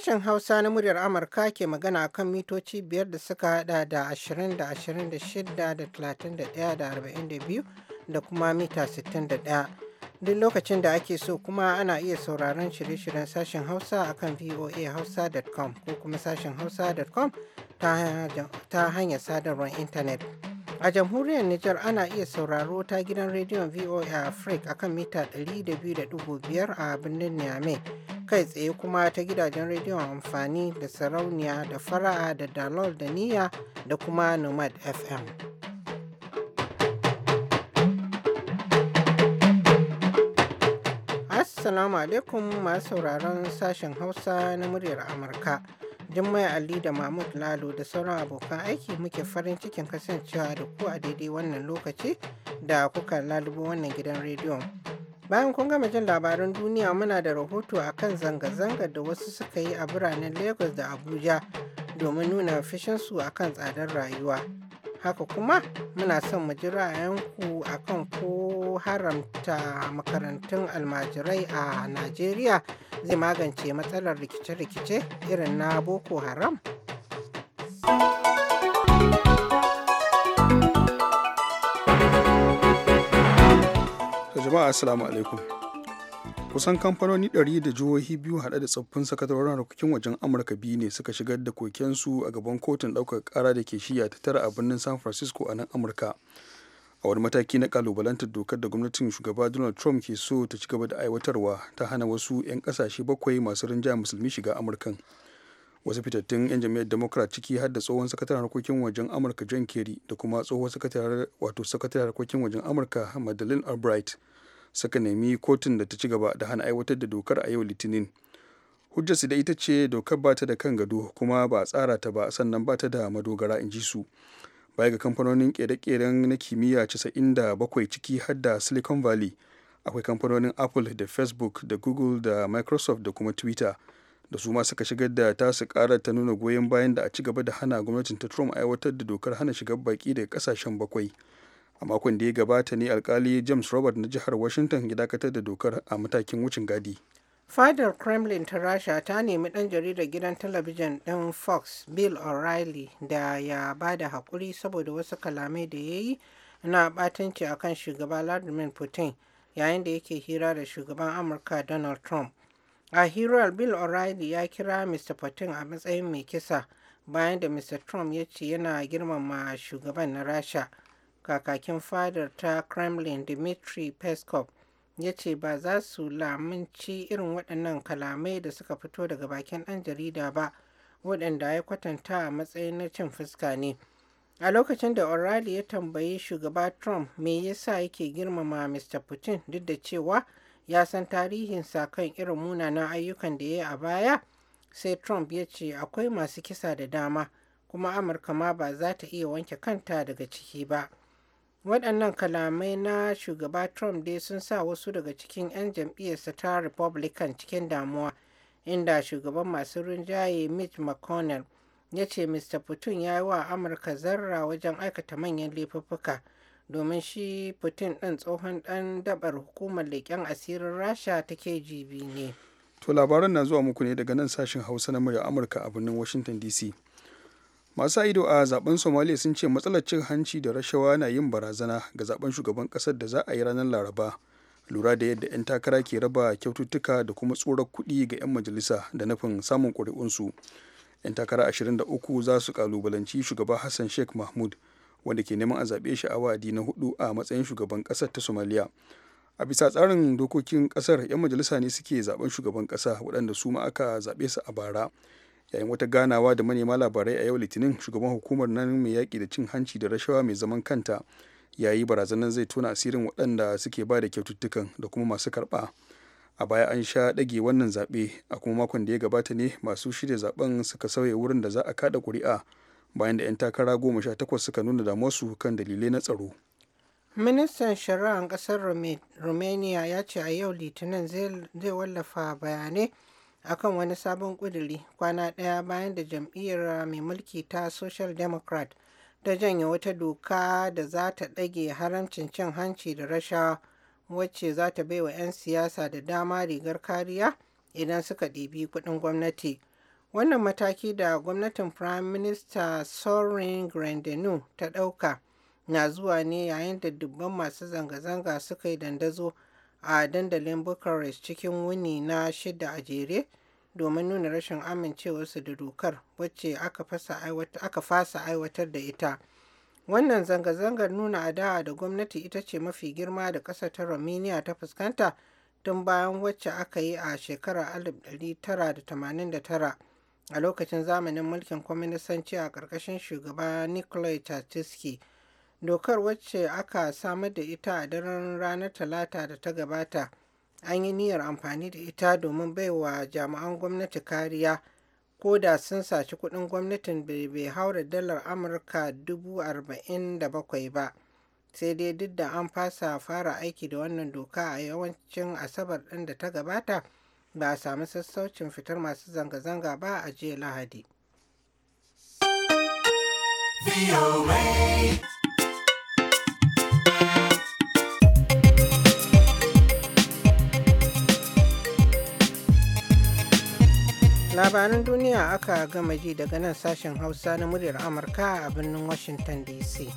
Sashen Hausa na muryar Amurka ke magana kan mitoci biyar da suka hada da 20 da 26 da 31 da 42 da kuma mita 61. Duk lokacin da ake so kuma ana iya sauraron shirye-shiryen sashen Hausa akan voahausa.com ko kuma sashen hausa.com ta hanyar sadarwar intanet. A jamhuriyar Nijar ana iya sauraro ta gidan rediyon VOA Africa akan mita 200.5 a birnin Niamey. Kai tsaye kuma ta gidajen rediyon amfani da sarauniya da fara'a da dalol da niyya da kuma nomad FM. Assalamu alaikum masu sauraron sashen Hausa na muryar Amurka. Jummai Ali da Mahmud Lalo da sauran abokan aiki muke farin cikin kasancewa da ku a daidai wannan lokaci da kuka lalubo wannan gidan rediyon. Bayan kun gama jin labaran duniya muna da rahoto a kan zanga-zangar da wasu suka yi a biranen Lagos da Abuja domin nuna fishinsu a kan tsadar rayuwa. haka kuma muna son mu ji ra'ayinku akan ko haramta makarantun almajirai a najeriya zai magance matsalar rikice-rikice irin na boko haram jama'a assalamu alaikum kusan kamfanoni 100 da jihohi biyu hada da tsoffin sakatarorin harkokin wajen amurka biyu ne suka shigar da kokensu a gaban kotun daukar kara da ke shiya ta tara a birnin san francisco a nan amurka a wani mataki na kalubalantar dokar da gwamnatin shugaba donald trump ke so ta ci gaba da aiwatarwa ta hana wasu 'yan kasashe bakwai masu rinjaya musulmi shiga amurkan wasu fitattun 'yan jam'iyyar democrat ciki har da tsohon sakataren harkokin wajen amurka john kerry da kuma tsohon sakataren wato sakataren harkokin wajen amurka madeleine albright suka nemi kotun da ta ci gaba da hana aiwatar da dokar a yau litinin su da ita ce dokar ba ta da kan gado kuma ba a tsara ta ba sannan ba ta da madogara in ji su baya ga kamfanonin kere-keren na kimiyya casa'in da bakwai ciki har da silicon valley akwai kamfanonin apple da facebook da google da microsoft da kuma twitter da su ma suka shigar da ta su kara ta nuna goyon bayan da a ci gaba da hana gwamnatin ta trump aiwatar da dokar hana shigar baki daga kasashen bakwai a makon da ya gabata ne alkali james robert na jihar washington ya dakatar da dokar a matakin wucin gadi fadar kremlin ta rasha ta nemi dan jaridar gidan talabijin ɗin fox bill o'reilly da ya ba da haƙuri saboda wasu kalamai da ya yi na batanci akan shugaba vladimir putin yayin da yake hira da shugaban amurka donald trump a hirar bill o'reilly ya kira mr putin a matsayin mai kisa bayan da mr trump ya ce yana girmama shugaban na rasha kakakin fadar ta kremlin dmitry peskov ya ce ba za su lamunci irin waɗannan kalamai da suka fito daga bakin ɗan jarida ba waɗanda ya kwatanta a matsayin na cin fuska ne a lokacin da O'Reilly ya tambayi shugaba trump me yasa yake girmama mr putin duk da cewa ya san tarihinsa kan irin munanan ayyukan da ya yi a baya sai trump ya ce akwai masu kisa da dama kuma amurka ma ba za ta iya wanke kanta daga ciki ba waɗannan kalamai na shugaba trump dai sun sa wasu daga cikin 'yan jam'iyyarsa ta republican cikin damuwa inda shugaban masu rinjaye mitch mcconnell ya ce mr putin ya yi wa amurka zarra wajen aikata manyan laifuffuka domin shi putin ɗin tsohon ɗan dabar hukumar leƙen asirin rasha ta kgb ne to labaran na zuwa muku ne daga nan sashen hausa na murya amurka a birnin washington dc masu ido a zaben somalia sun ce matsalar cin hanci da rashawa na yin barazana ga zaben shugaban kasar da za a yi ranar laraba lura da yadda 'yan takara ke raba kyaututtuka da kuma tsoron kuɗi ga 'yan majalisa da nufin samun ƙuri'unsu 'yan takara ashirin 23 za su kalubalanci shugaba hassan sheikh mahmud wanda ke neman a zaɓe shi a wa'adi na hudu a matsayin shugaban ƙasar ta somalia a bisa tsarin dokokin ƙasar 'yan majalisa ne suke zaben shugaban ƙasa waɗanda su ma aka zaɓe su a bara yayin wata ganawa da manema labarai a yau litinin shugaban hukumar nan mai yaƙi da cin hanci da rashawa mai zaman kanta yayi yi barazanar zai tona asirin waɗanda suke ba da kyaututtukan da kuma masu karɓa a baya an sha ɗage wannan zaɓe a kuma makon da ya gabata ne masu shirya zaɓen suka sauya wurin da za a kaɗa ƙuri'a bayan da 'yan takara goma sha takwas suka nuna damuwarsu kan dalilai na tsaro ministan shari'ar ƙasar romania ya ce a yau litinin zai wallafa bayanai akan wani sabon ƙuduri kwana ɗaya bayan da jam'iyyar uh, mai mulki ta social democrat ta janye wata doka da za ta ɗage haramcin cin hanci da Rasha wacce za ta bai wa 'yan siyasa da dama rigar kariya idan suka ɗibi kuɗin gwamnati wannan mataki da gwamnatin prime minister sorin grandenu ta ɗauka na zuwa ne yayin da dubban masu zanga-zanga suka yi dandazo a dandalin Bucharest cikin wuni na shida a jere domin nuna rashin amincewarsu da dokar wacce aka fasa aiwatar da ita. Wannan zanga-zangar nuna adawa da gwamnati ita ce mafi girma da ƙasa ta Romania ta fuskanta tun bayan wacce aka yi a shekarar 1989 a lokacin zamanin mulkin kwaminisanci a ƙarƙashin shugaba Nicolae tatiski dokar wacce aka samar da ita a daren ranar talata da ta gabata an yi niyyar amfani da ita domin baiwa jami'an gwamnati kariya ko da sun saci kudin gwamnatin bai haura dalar amurka bakwai ba sai dai duk da an fasa fara aiki da wannan doka a yawancin asabar ɗin da ta gabata ba a sami sassaucin fitar masu zanga-zanga ba a jiya lahadi. labaran duniya aka gama ji daga nan sashen hausa na muryar amurka a birnin washington dc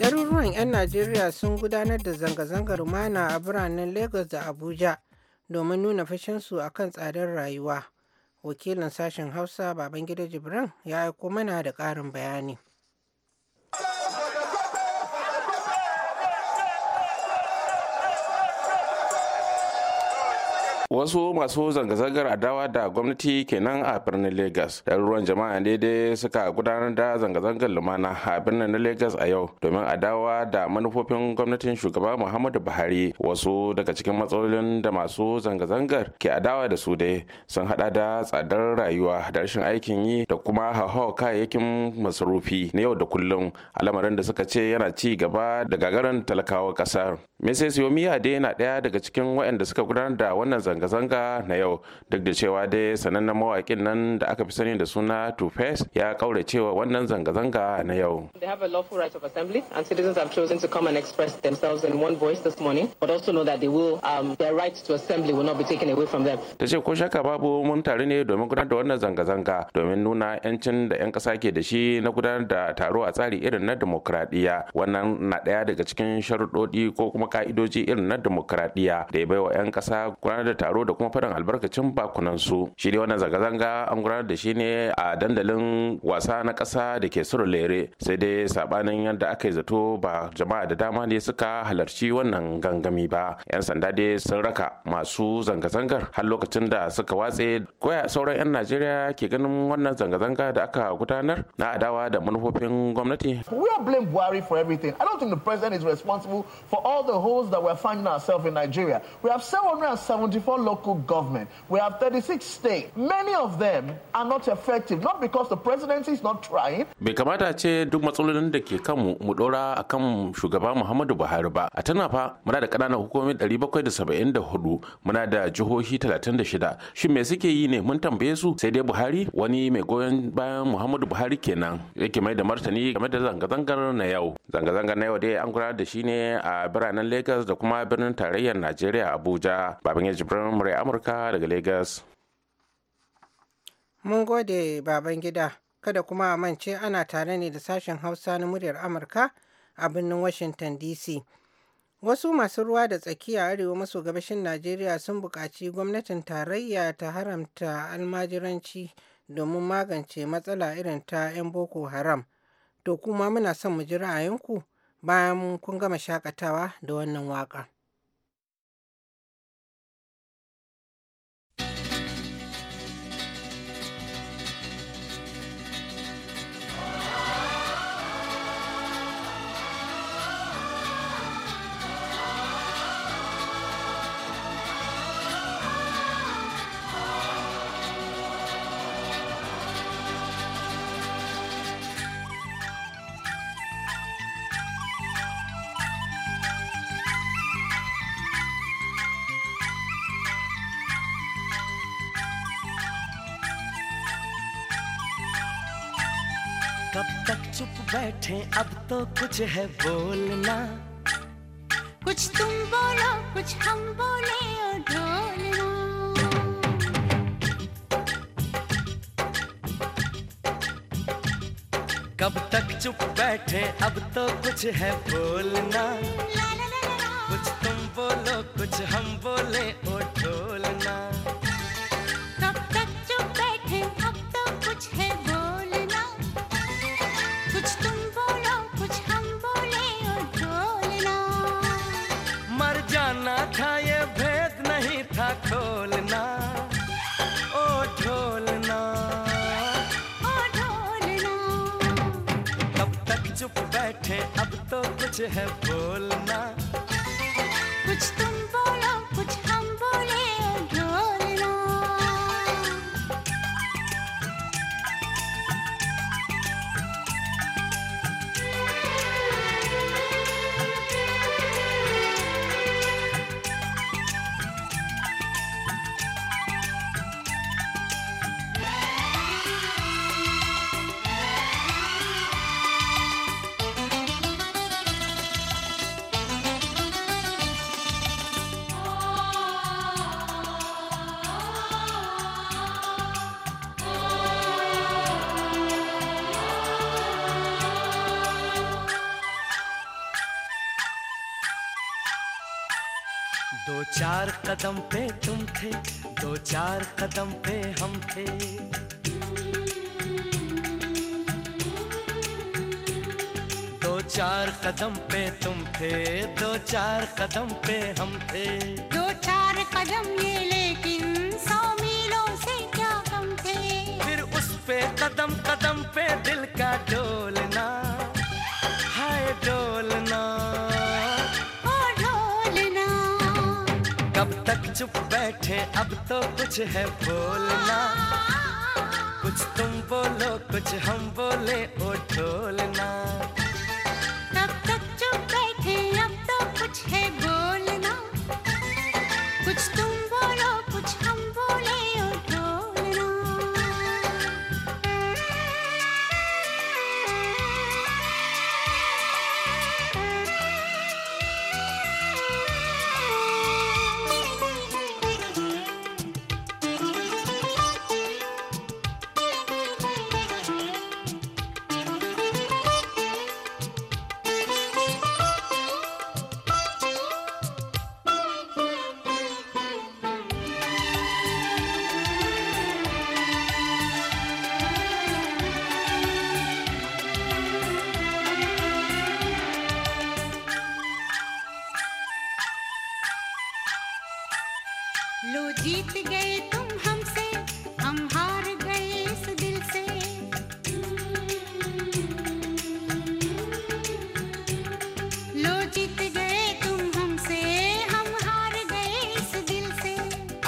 ɗaruruwan 'yan najeriya sun gudanar da zanga-zangar mana a biranen lagos da abuja domin nuna fashinsu a kan tsadar rayuwa wakilin sashen hausa babangida jibran ya aiko mana da ƙarin bayani wasu masu zanga-zangar adawa da gwamnati kenan a birnin lagos ruwan jama'a ne dai suka gudanar da zanga-zangar lumana a birnin na lagos a yau domin adawa da manufofin gwamnatin shugaba muhammadu buhari wasu daga cikin matsalolin da masu zanga-zangar ke adawa da su dai sun hada da tsadar rayuwa da rashin aikin yi da kuma hauhawar kayayyakin masarufi na yau da kullum al'amarin da suka ce yana ci gaba da gagarin talakawa kasar mrs yomiya dai na daya daga cikin waɗanda suka gudanar da wannan zanga zanga-zanga na yau duk da cewa dai sanannen mawaƙin nan da aka fi sani da suna tufes face ya cewa wannan zanga-zanga na yau they have a lawful right of assembly chosen to come and express themselves in one voice this morning but also know that they um, to assembly not be taken away from ta ce ko shaka babu mun tare ne domin gudanar da wannan zanga-zanga domin nuna 'yancin da 'yan kasa ke da shi na gudanar da taro a tsari irin na demokradiyya wannan na ɗaya daga cikin sharuɗoɗi ko kuma ka'idoji irin na demokradiyya da ya baiwa 'yan kasa gudanar da taro taro da kuma fadan albarkacin bakunan su shi dai wannan zanga-zanga an gudanar da shi ne a dandalin wasa na ƙasa da ke lere, sai dai sabanin yadda aka yi zato ba jama'a da dama ne suka halarci wannan gangami ba yan sanda dai sun raka masu zanga-zangar har lokacin da suka watse koya sauran yan najeriya ke ganin wannan zanga-zanga da aka gudanar na adawa da manufofin gwamnati we are blame buhari for everything i don't think the president is responsible for all the holes that we are finding ourselves in nigeria we have 774 34 local government. We have 36 states. Many of them are not effective, not because the president is not trying. Bai kamata ce duk matsalolin da ke kanmu mu dora a kan shugaba Muhammadu Buhari ba. A tana fa muna da ƙananan hukumomi 774 muna da jihohi 36. Shin me suke yi ne mun tambaye su sai dai Buhari wani mai goyon bayan Muhammadu Buhari kenan yake mai da martani game da zanga-zangar na yau. Zanga-zangar na yau dai an gudanar da shi ne a biranen Lagos da kuma birnin tarayyar Najeriya Abuja. Baban ya murya amurka daga lagos mun gode baban gida kada kuma a mance ana tare ne da sashen hausa na muryar amurka a birnin washington dc wasu masu ruwa da tsakiya arewa maso gabashin najeriya sun buƙaci gwamnatin tarayya ta haramta almajiranci domin magance matsala irin ta 'yan boko haram to kuma muna son mu ji ra'ayinku bayan kun gama shakatawa da wannan waƙa. बैठे अब तो कुछ है बोलना कुछ तुम बोलो कुछ हम बोले और ढोलना कब तक चुप बैठे अब तो कुछ है बोलना कुछ तुम बोलो कुछ हम बोले और ढोलना है बोलना कदम पे तुम थे दो चार कदम पे हम थे दो चार कदम पे तुम थे दो चार कदम पे हम थे दो चार कदम ये लेकिन सौ मीलों से क्या कम थे फिर उस पे कदम कदम पे दिल का डोल चुप बैठे अब तो कुछ है बोलना कुछ तुम बोलो कुछ हम बोले ओ ढोलना लो जीत गए तुम हमसे हम हार गए इस दिल से लो जीत गए तुम हमसे हम हार गए इस दिल से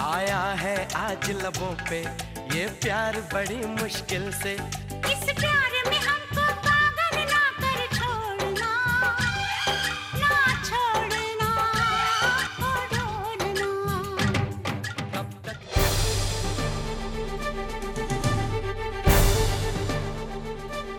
आया है आज लबों पे ये प्यार बड़ी मुश्किल से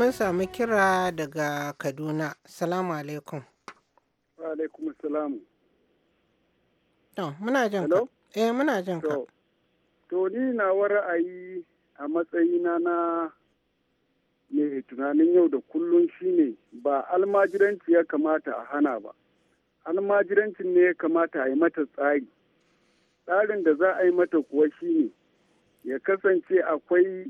mun samu kira daga Kaduna. Salamu alaikum. Wa alaikum salamu. To, muna jin ka. Eh, muna jin ka. To, ni na ra'ayi a matsayina na mai tunanin yau da kullum shine ba almajiranci ya kamata a hana ba. Almajirancin ne ya kamata a yi mata tsari. Tsarin da za a yi mata kuwa shine ya kasance akwai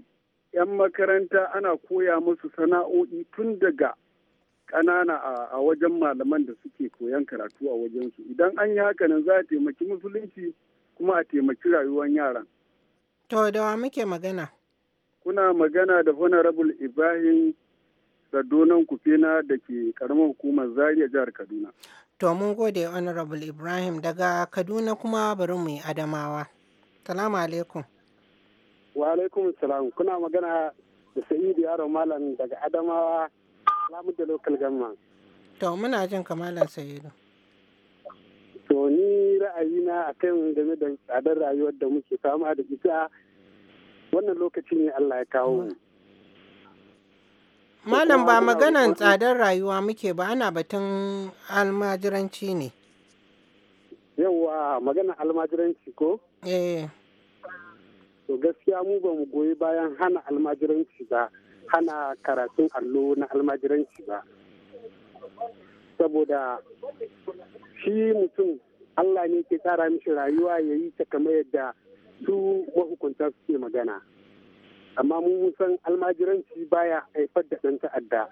'yan makaranta ana koya musu sana'o'i tun daga ƙanana a wajen malaman da suke koyan karatu a wajensu idan an yi haka nan za a taimaki musulunci kuma a taimaki rayuwar yaran. To da wa muke magana? Kuna magana da Honorable Ibrahim Sadonan Kufena da ke karamar hukumar Zaria jihar Kaduna. To mun gode Honorable Ibrahim daga Kaduna kuma bari mu yi Adamawa. Salamu alaikum. Wa alaikum salam kuna magana da Sa'idu Yaro Malam daga Adamawa Lamu da Local Gamma. To muna jin kamalan Sa'idu. To ni ra'ayina a kan game da tsadar rayuwar da muke fama da ita wannan lokaci ne Allah ya kawo Malam ba maganan tsadar rayuwa muke ba ana batun almajiranci ne. Yawwa maganan almajiranci ko? Eh. to gaskiya mu ba mu goyi bayan hana almajiranci ba hana karatun allo na almajiranci ba saboda shi mutum allah ne ke tsara mishi rayuwa ya yi ta kamar yadda su mahukunta suke magana amma mun san almajiranci baya haifar da ɗan ta'adda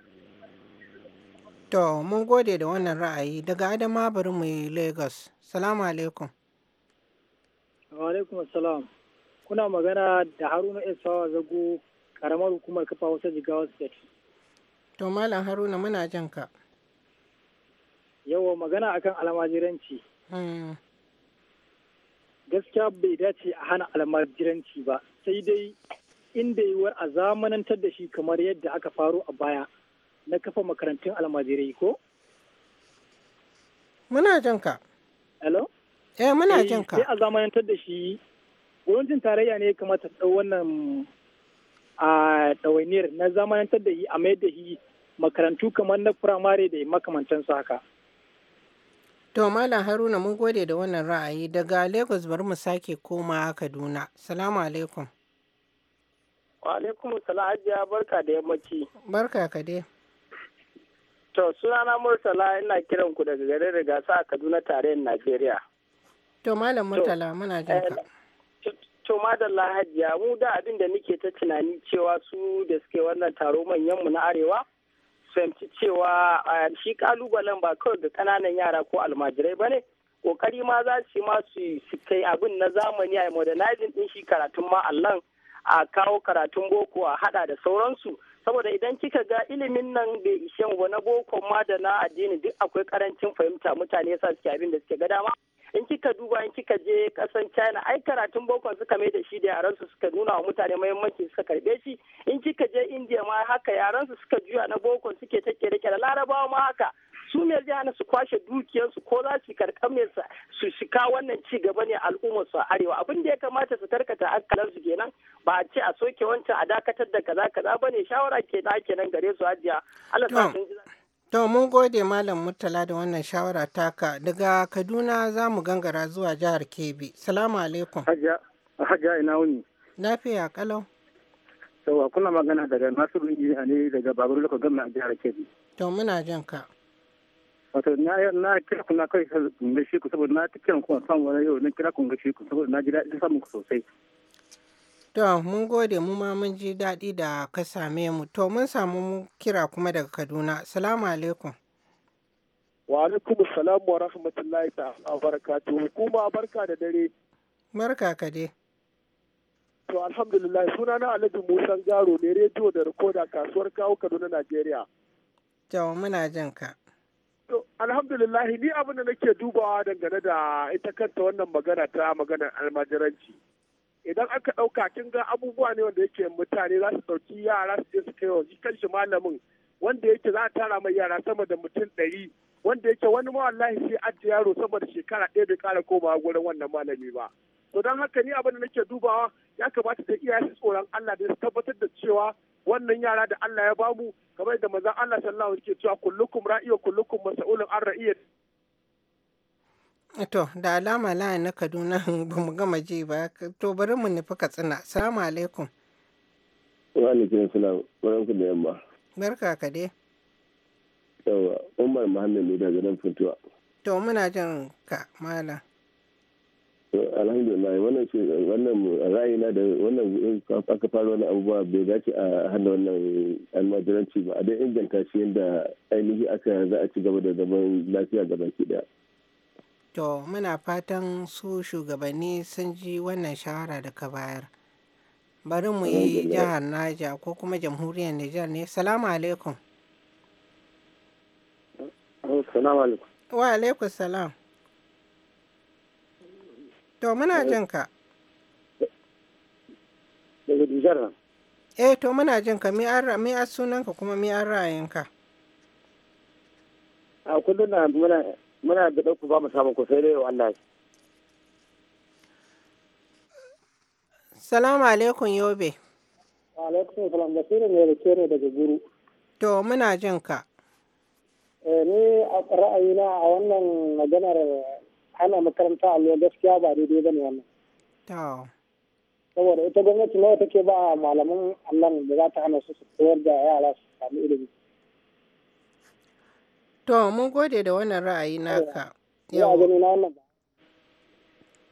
To, mun gode da wannan ra'ayi daga Adama bari mu yi Lagos. Salamu alaikum. Wa alaikum assalam. kuna magana da haruna isawa zago karamar hukumar kafa wata jigawa state to malam haruna muna jan ka yawa magana akan almajiranci hmm. gaskiya bai dace a hana almajiranci ba sai dai inda yiwuwar a zamanantar da shi kamar yadda aka faro a baya na kafa makarantun almajirai ko muna jan ka hello eh muna eh, jan ka sai a zamanantar da shi gwamnatin tarayya ne ya kamata ta wannan a ɗawainiyar na zamanantar da yi a mai da yi makarantu kamar na firamare da makamantansu haka. To Malam Haruna mun gode da wannan ra'ayi daga Lagos bari mu sake koma Kaduna. Salamu alaikum. Wa alaikum sala. Ajiya barka da yammaci. Barka ka dai. To sunana Murtala ina kiran ku daga garin Rigasa a Kaduna tarayyar Najeriya. To Malam Murtala muna jinka. Eh, ka. To madalla hajiya mu da abin da muke ta tunani cewa su da suke wannan taro manyanmu na arewa fahimci cewa shi kalubalen ba kawai ga kananan yara ko almajirai ba ne kokari ma za su ma su kai abin na zamani a modernizing din shi karatun ma allan a kawo karatun boko a hada da sauransu saboda idan kika ga ilimin nan bai ishe wa na boko ma da na addini duk akwai karancin fahimta mutane yasa suke abin da suke ga dama in kika duba in kika je kasan china ai karatun bokon suka mai da shi da yaran su suka nuna wa mutane muhimmanci suka karbe shi in kika je india ma haka yaran su suka juya na bokon suke ta da da larabawa ma haka su ne na su kwashe dukiyarsu ko za su karkame su shika wannan ci gaba ne al'ummar su a arewa abin da ya kamata su karkata hankalin su kenan ba a ce a soke wancan a dakatar da kaza kaza bane shawara ke da kenan gare su ajiya Allah ta sun To mun gode Malam Murtala da wannan shawara taka daga Kaduna za mu gangara zuwa jihar Kebbi. Salamu alaikum. hajja ina wuni. Lafiya kalau. Yawa kuna magana daga Nasiru Injiniya ne daga Babur lokacin gama a jihar Kebbi. To muna jin ka. Wato na na kira kuna kai shi ku saboda na ta kuma ku samu wani yau na kira ku shi ku saboda na ji daɗin samun ku sosai. To, mun gode mu ma mun ji daɗi da ka same mu. To, mun samu kira kuma daga Kaduna. Salamu alaikum. Wa alaikum salam wa rahmatullahi ta'ala kuma barka da dare. Barka ka dai. To, alhamdulillah suna na Alhaji Musa Garo ne rediyo da rikoda kasuwar kawo Kaduna Najeriya. To, muna jin ka. To, alhamdulillah ni abin da nake dubawa dangane da ita kanta wannan magana ta maganar almajiranci. idan aka ɗauka kin ga abubuwa ne wanda yake mutane za su ɗauki yara su je su kai wa kan shi malamin wanda yake za a tara mai yara sama da mutum ɗari wanda yake wani ma wallahi sai ajiye yaro saboda shekara ɗaya bai ƙara komawa gurin wannan malami ba to don haka ni abin da nake dubawa ya kamata da iyaye su tsoron Allah da su tabbatar da cewa wannan yara da Allah ya bamu kamar da manzon Allah sallallahu alaihi wasallam yake cewa kullukum ra'iyo kullukum mas'ulun an ra'iyyah To, da alama la na Kaduna ba mu gama ji ba, to bari mu nufi Katsina. Salamu alaikum. Wa alaikum salam, baranku da yamma. Barka ka dai. Yawwa, Umar Muhammad ne daga nan Funtuwa. To, muna jin ka, Malam. alhamdulillah wannan ce wannan ra'ayina da wannan aka fara wani abubuwa bai dace a hana wannan almajiranci ba a dai inganta shi yadda ainihi aka za a ci gaba da zaman lafiya gaba ki daya To muna fatan su shugabanni sun ji wannan shawara da ka bayar. Bari mu yi jihar Naja ko kuma jamhuriyar Nijar ne. Salamu alaikum. Oh, salamu alaikum. Wa alaikum salam. To muna eh. jin ka. Eh to muna jin ka mi an sunanka kuma mi an ra'ayinka. A kudu na muna muna da ɗauku ba mu samu ku sai dai Allah Salamu alaikum Yobe. Wa alaikum salam shirin ne rike ne daga guru. To muna jin ka. Eh, ni a ra'ayina a wannan maganar hana makaranta allo gaskiya ba daidai ba ne wannan. Saboda ita gwamnati nawa take ba malaman allon da za ta hana su su koyar da yara su sami ilimi. To, mun gode da wannan ra'ayi naka. Yau.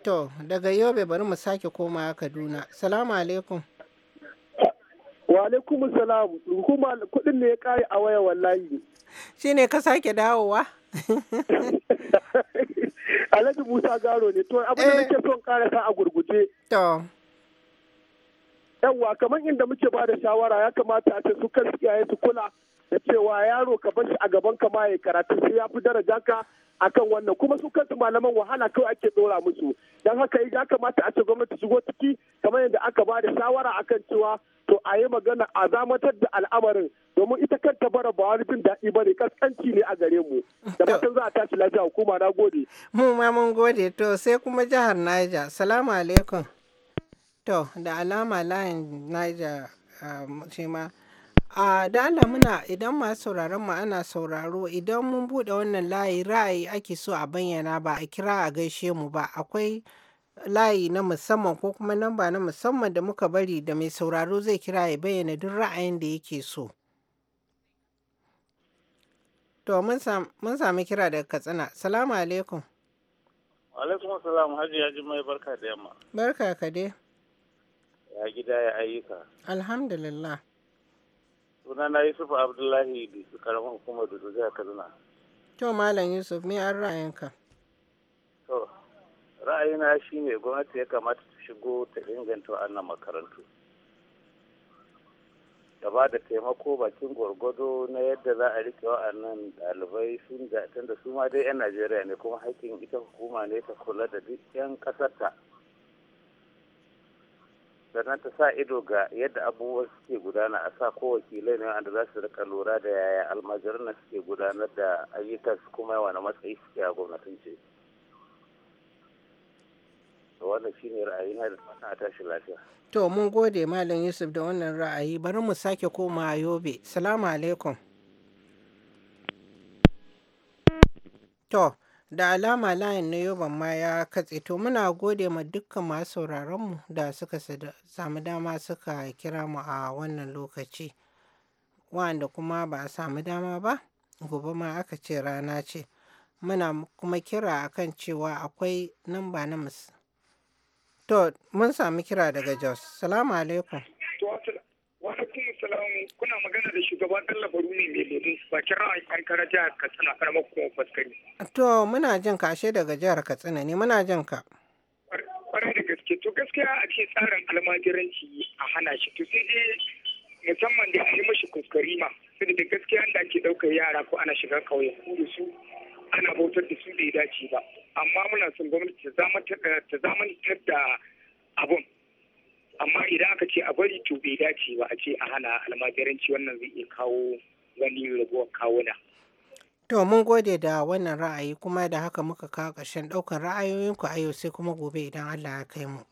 To, daga Yobe bari mu sake koma Kaduna. Salamu alaikum. Wa alaikum salam. Kuma kudin ne ya kare a waya wallahi. Shi ne ka sake dawowa? Alhaji Musa Garo ne. To, abin da eh. nake son karasa a gurguje. To. Yawwa, kamar inda muke ba da shawara ya kamata a ce su kan iyaye su kula da cewa yaro ka bar shi a gaban ka ma ya karatu sai ya fi daraja ka akan wannan kuma su kansu malaman wahala kawai ake dora musu don haka ya kamata a ce gwamnati shigo ciki kamar yadda aka ba da shawara akan cewa to a yi magana a zamatar da al'amarin domin ita kanta bara ba wani jin daɗi ba ne kaskanci ne a gare mu da fatan za a tashi lafiya hukuma na gode. mu ma mun gode to sai kuma jihar naija salamu alaikum to da alama layin naija ah, shi ma A da muna idan masu sauraron mu ana sauraro idan mun buɗe wannan layi ra'ayi ake so a bayyana ba a kira a gaishe mu ba akwai layi na musamman ko kuma namba na musamman da muka bari da mai sauraro zai kira ya bayyana duk ra'ayin da yake so. To mun sami kira daga Katsina. Salamu alaikum. Alaikum salam Hajiya Jummai barka da yamma. Barka ka dai. Ya gida ya ayyuka. Alhamdulillah. sunana yusuf abdullahi da karamin hukumar da jihar kaduna to malam yusuf me an ra'ayinka to ra'ayina shine gwamnati ya kamata ta shigo ta inganta wannan makarantu da ba da taimako bakin gwargwado na yadda za a rike wa'annan ɗalibai sun da su ma dai 'yan najeriya ne kuma hakkin ita hukuma ne ta kula da duk 'yan ƙasarta sannan ta sa ido ga yadda abubuwa suke gudana a sa ko wakilai ne wanda za su rika lura da yaya almajiran na suke gudanar da ayyukan su kuma wani matsayi suke a gwamnatance wannan shine ra'ayi na da ta tashi lafiya to mun gode malam yusuf da wannan ra'ayi bari mu sake koma yobe salamu alaikum to da alama layin na yoban ma ya katse to muna gode ma dukkan masu mu da suka samu dama suka kira mu a wannan lokaci wanda kuma ba a samu dama ba gobe ma aka ce rana ce muna kuma kira kan cewa akwai namba na mus to mun sami kira daga jos salamu alaikum kuna magana da shugaba Baru rumi mai domin a yi karkara jihar katsina karamar kuma fuskari. to muna jin ka ashe daga jihar katsina ne muna jin ka. kwarai da gaske to gaskiya a ce tsarin almajiranci a hana shi to sai dai musamman da yi mashi kuskari ma sai da gaskiya da ake ɗaukar yara ko ana shiga kauye ko da su ana bautar da su da ya dace ba amma muna son gwamnati ta zamantar da abun amma idan aka ce a bari to bai dace ba a ce a hana almajiranci wannan zai iya kawo wani raguwar kawuna. To mun gode da wannan ra'ayi kuma da haka muka kawo ƙarshen ɗaukar ra'ayoyinku a yau sai kuma gobe idan Allah ya kai mu.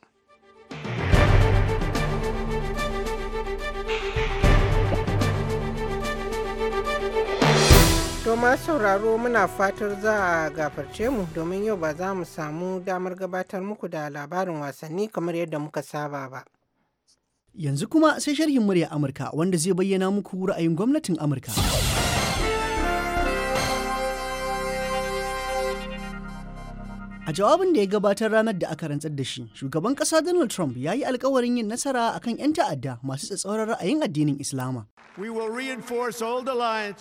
To masu sauraro muna fatar za a gafarce mu domin yau ba za mu samu damar gabatar muku da labarin wasanni kamar yadda muka saba ba. Yanzu kuma sai sharhin murya Amurka wanda zai bayyana muku ra'ayin gwamnatin Amurka. A jawabin da ya gabatar ranar da aka rantsar da shi, shugaban ƙasa Donald Trump ya yi alkawarin yin nasara a kan 'yan ta'adda masu tsatsauran ra'ayin addinin Islama.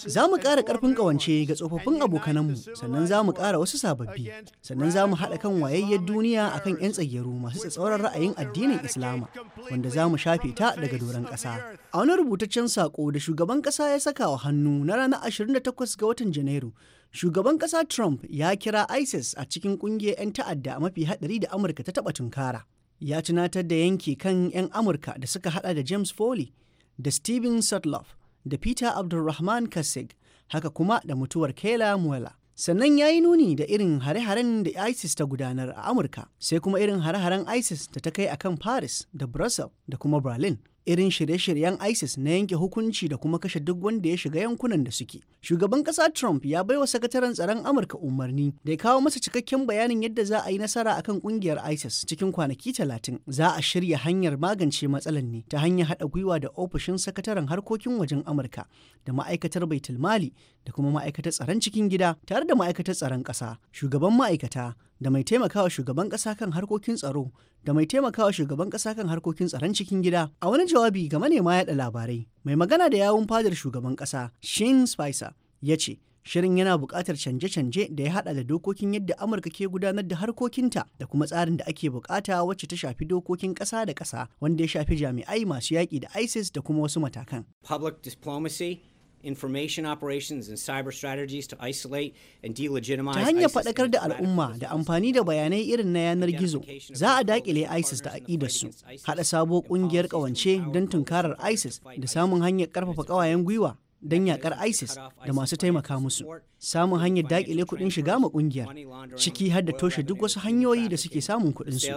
Za mu ƙara ƙarfin ƙawance ga tsofaffin abokananmu, sannan za mu ƙara wasu sababbi, sannan za mu haɗa kan wayayyar duniya a kan 'yan tsayyaru masu tsatsauran ra'ayin addinin Islama, wanda za mu shafe ta daga doron ƙasa. A wani rubutaccen saƙo da shugaban ƙasa ya saka wa hannu na ranar 28 ga watan Janairu, Shugaban ƙasa Trump ya kira ISIS a cikin ƙungiyar 'yan ta'adda mafi haɗari da Amurka ta taɓa tunkara. Ya tunatar da yanki kan 'yan Amurka da suka haɗa da James Foley, da Steven Sutloff, da Peter Abdulrahman Kasig, haka kuma da mutuwar Kayla muella Sannan ya yi nuni da irin hare-haren da ISIS ta gudanar a Amurka, sai kuma irin hare-haren ISIS da ta kai akan Paris da Brussels da kuma Berlin. Irin shirye-shiryen ISIS na yanke hukunci da kuma kashe duk wanda ya shiga yankunan da suke. Shugaban ƙasa Trump ya baiwa sakataren tsaron Amurka umarni da ya kawo masa cikakken bayanin yadda za a yi nasara a kan ƙungiyar ISIS cikin kwanaki talatin. Za a shirya hanyar magance matsalar ne ta hanyar haɗa gwiwa da ofishin sakataren harkokin wajen Amurka da ma'aikatar baitulmali da kuma ma'aikatar tsaron cikin gida tare da ma'aikatar tsaron ƙasa. Shugaban ma'aikata da mai taimakawa shugaban ƙasa kan harkokin tsaro da mai taimakawa shugaban ƙasa kan harkokin tsaron cikin gida a wani jawabi ga manema yaɗa labarai mai magana da yawun fadar shugaban ƙasa shin spicer ya ce shirin yana buƙatar canje-canje da ya haɗa da dokokin yadda amurka ke gudanar da harkokinta da kuma tsarin da ake buƙata wacce ta shafi dokokin ƙasa da ƙasa wanda ya shafi jami'ai masu yaƙi da isis da kuma wasu matakan public diplomacy information operations and cyber strategies to isolate and delegitimize ta hanyar faɗakar da al'umma da amfani da bayanai irin na yanar gizo za a daƙile isis da su haɗa sabo ƙungiyar ƙawance don tunkarar isis da samun hanyar ƙarfafa ƙawayen gwiwa don yaƙar isis da masu taimaka musu samun hanyar daƙile kuɗin shiga ma ƙungiyar ciki har da toshe duk wasu hanyoyi da suke samun kuɗinsu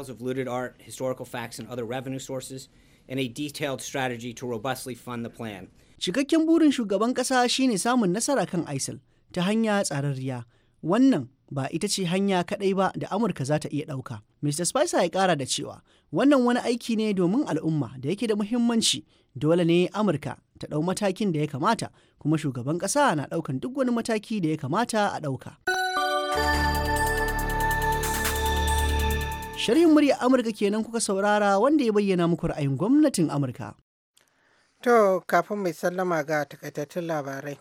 and a detailed strategy to robustly fund the plan. Cikakken burin shugaban ƙasa shine samun nasara kan ISIL ta hanya tsararriya. Wannan ba ita ce hanya kaɗai ba da Amurka za ta iya ɗauka. Mr. Spicer ya kara da cewa wannan wani aiki ne domin al'umma da yake da muhimmanci dole ne Amurka ta ɗau matakin da ya kamata kuma shugaban ƙasa na ɗaukan duk wani mataki da ya kamata a ɗauka. Sharhin murya Amurka kenan kuka saurara wanda ya bayyana muku ra'ayin gwamnatin Amurka. To, kafin mai sallama ga takaitattun labarai.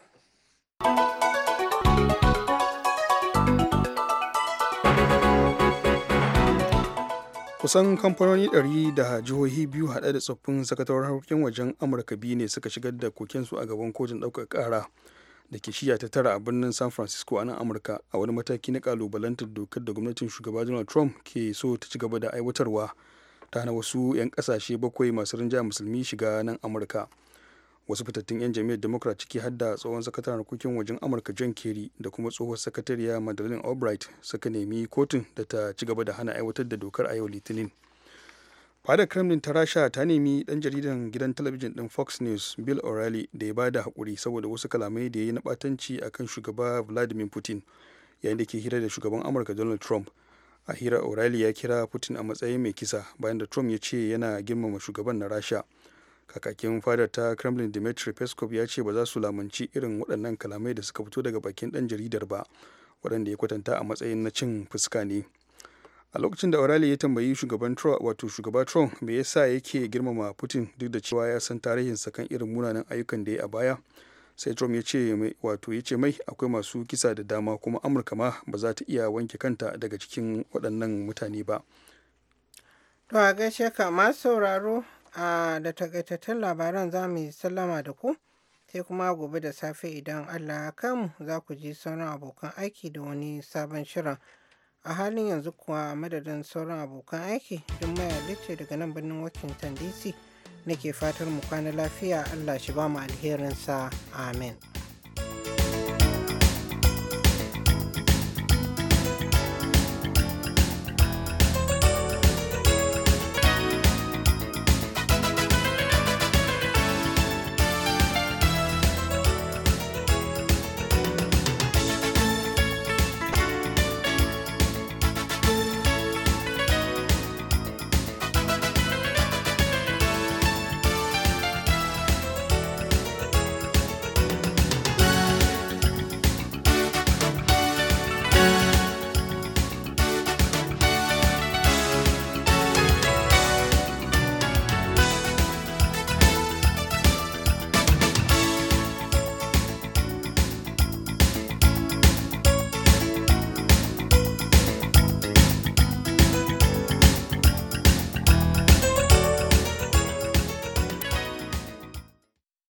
kusan kamfanoni 100 da jihohi biyu haɗe da tsoffin sakatawar harkokin wajen amurka biyu ne suka shigar da kokensu a gaban kotun ɗaukar kara da ke shiya ta tara a birnin san francisco a nan amurka a wani mataki na kalubalantar dokar da gwamnatin shugaba donald trump ke so ta ci gaba da aiwatarwa ta hana wasu 'yan kasashe bakwai masu rinjaya musulmi shiga nan amurka wasu fitattun 'yan jami'ar democrat ciki hadda tsohon sakataren harkokin wajen amurka john kerry da kuma tsohon sakatariya madeleine albright suka nemi kotun da ta ci gaba da hana aiwatar da dokar a yau litinin fadar kremlin ta rasha ta nemi dan jaridan gidan talabijin din fox news bill o'reilly da ya ba da haƙuri saboda wasu kalamai da ya yi na batanci akan shugaba vladimir putin yayin da ke hira da shugaban amurka donald trump a hira o'reilly ya kira putin a matsayin mai kisa bayan da trump ya ce yana girmama shugaban na rasha kakakin fadar ta kremlin dmitry peskov ya ce ba za su lamunci irin waɗannan kalamai da suka fito daga bakin ɗan jaridar ba waɗanda ya kwatanta a matsayin na cin fuska ne a lokacin da orali ya tambayi shugaban trump wato shugaba trump me yasa yake girmama putin duk da cewa ya san tarihinsa kan irin munanan ayyukan da ya a baya sai trump ya ce mai wato ya ce mai akwai masu kisa da dama kuma amurka ma ba za ta iya wanke kanta daga cikin waɗannan mutane ba to a gaishe ka masu sauraro da takaitattun labaran za mu yi sallama da ku sai kuma gobe da safe idan allah ya kamu za ku ji sauran abokan aiki da wani sabon shirin a halin yanzu kuwa madadin sauran abokan aiki don maya daga nan birnin washington dc nake fatar mu kwana lafiya Allah shi ba mu alherinsa amin